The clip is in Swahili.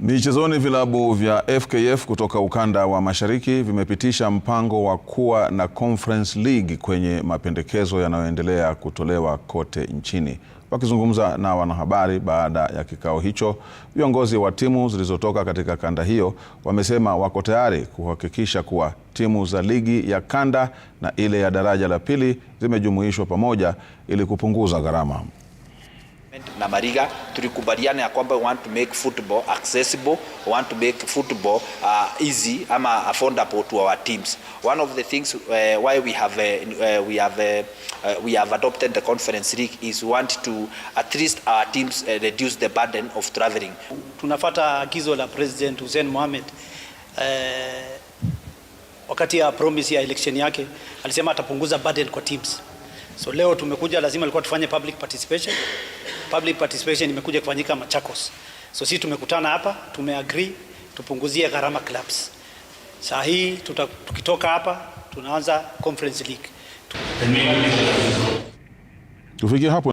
Michezoni, vilabu vya FKF kutoka ukanda wa mashariki vimepitisha mpango wa kuwa na Conference League kwenye mapendekezo yanayoendelea kutolewa kote nchini. Wakizungumza na wanahabari baada ya kikao hicho, viongozi wa timu zilizotoka katika kanda hiyo wamesema wako tayari kuhakikisha kuwa timu za ligi ya kanda na ile ya daraja la pili zimejumuishwa pamoja ili kupunguza gharama na Mariga tulikubaliana ya kwamba we want to make football accessible, we want to make football uh, easy ama affordable to our teams. One of the things uh, why we have uh, uh we have uh, uh, we have adopted the conference league is we want to at least our teams uh, reduce the burden of traveling. Tunafata agizo la President Hussein Mohamed uh, wakati ya promise ya election yake alisema atapunguza burden kwa teams. So leo tumekuja, lazima alikuwa tufanye public participation public participation imekuja kufanyika Machakos. So sisi tumekutana hapa, tumeagree tupunguzie gharama clubs. Saa hii tukitoka hapa tunaanza conference league. Kufikia hapo